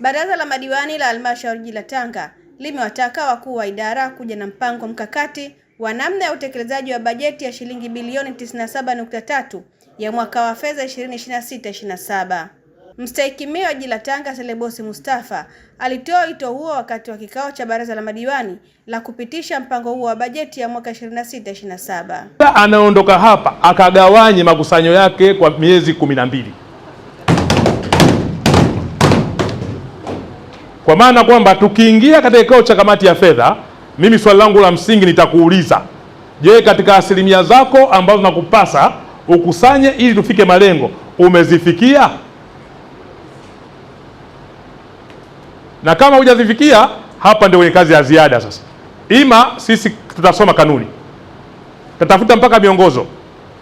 Baraza la madiwani la halmashauri la Tanga limewataka wakuu wa idara kuja na mpango mkakati wa namna ya utekelezaji wa bajeti ya shilingi bilioni 97.3 ya mwaka wa fedha 2026/2027. Mstahiki Meya wa Jiji la Tanga Selebosi Mustafa alitoa wito huo wakati wa kikao cha baraza la madiwani la kupitisha mpango huo wa bajeti ya mwaka 26/27. Anaondoka hapa akagawanye makusanyo yake kwa miezi 12. Kwa maana kwamba tukiingia katika kikao cha kamati ya fedha, mimi swali langu la msingi nitakuuliza, je, katika asilimia zako ambazo nakupasa ukusanye ili tufike malengo umezifikia? Na kama hujazifikia, hapa ndio kwenye kazi ya ziada sasa. Ima sisi tutasoma kanuni, tatafuta mpaka miongozo,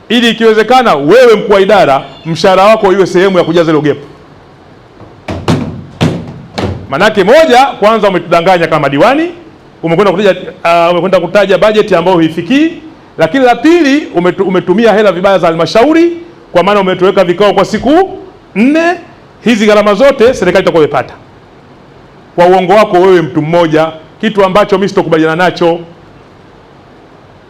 ili ikiwezekana, wewe mkuu wa idara, mshahara wako iwe sehemu ya kujaza ile gepu. Manake moja, kwanza umetudanganya kama diwani, umekwenda kutaja, uh, umekwenda kutaja bajeti ambayo huifikii. Lakini la pili, umetumia hela vibaya za halmashauri, kwa maana umetuweka vikao kwa siku nne. Hizi gharama zote serikali itakuwa imepata kwa uongo wako wewe, mtu mmoja, kitu ambacho mimi sitokubaliana nacho.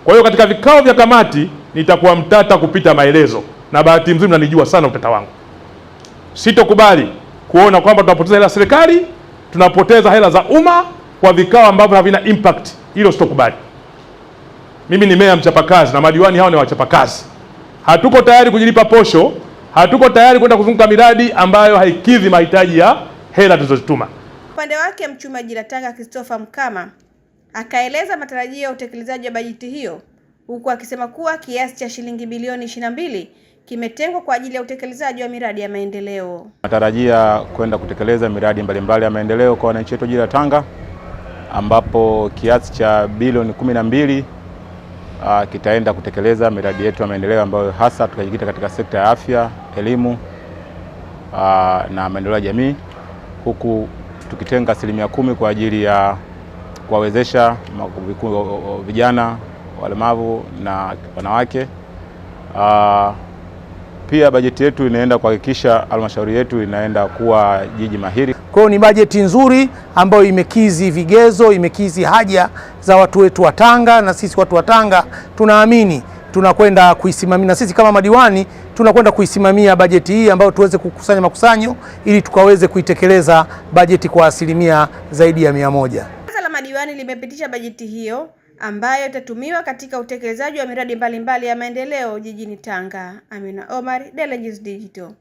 Kwa hiyo katika vikao vya kamati nitakuwa mtata kupita maelezo, na bahati mzuri mnanijua sana utata wangu. Sitokubali kuona kwamba tunapoteza hela serikali tunapoteza hela za umma kwa vikao ambavyo havina impact. Hilo sitokubali. Mimi ni meya mchapakazi na madiwani hao ni wachapakazi. Hatuko tayari kujilipa posho, hatuko tayari kwenda kuzunguka miradi ambayo haikidhi mahitaji ya hela tulizozituma. Upande wake mchuma ajira Tanga Christopher Mkama akaeleza matarajio ya utekelezaji wa bajeti hiyo huku akisema kuwa kiasi cha shilingi bilioni mbili kimetengwa kwa ajili ya utekelezaji wa miradi ya maendeleo. Natarajia kwenda kutekeleza miradi mbalimbali ya maendeleo kwa wananchi wetu jiji la Tanga, ambapo kiasi cha bilioni kumi na mbili uh, kitaenda kutekeleza miradi yetu ya maendeleo ambayo hasa tukajikita katika sekta ya afya, elimu uh, na maendeleo ya jamii, huku tukitenga asilimia kumi kwa ajili ya kuwawezesha vijana walemavu na wanawake uh, pia bajeti yetu inaenda kuhakikisha halmashauri yetu inaenda kuwa jiji mahiri. Kwa hiyo ni bajeti nzuri ambayo imekizi vigezo, imekizi haja za watu wetu wa Tanga, na sisi watu wa Tanga tunaamini tunakwenda kuisimamia na sisi kama madiwani tunakwenda kuisimamia bajeti hii ambayo tuweze kukusanya makusanyo ili tukaweze kuitekeleza bajeti kwa asilimia zaidi ya mia moja. Baraza la madiwani limepitisha bajeti hiyo ambayo itatumiwa katika utekelezaji wa miradi mbalimbali mbali ya maendeleo jijini Tanga. Amina Omar, Daily News Digital.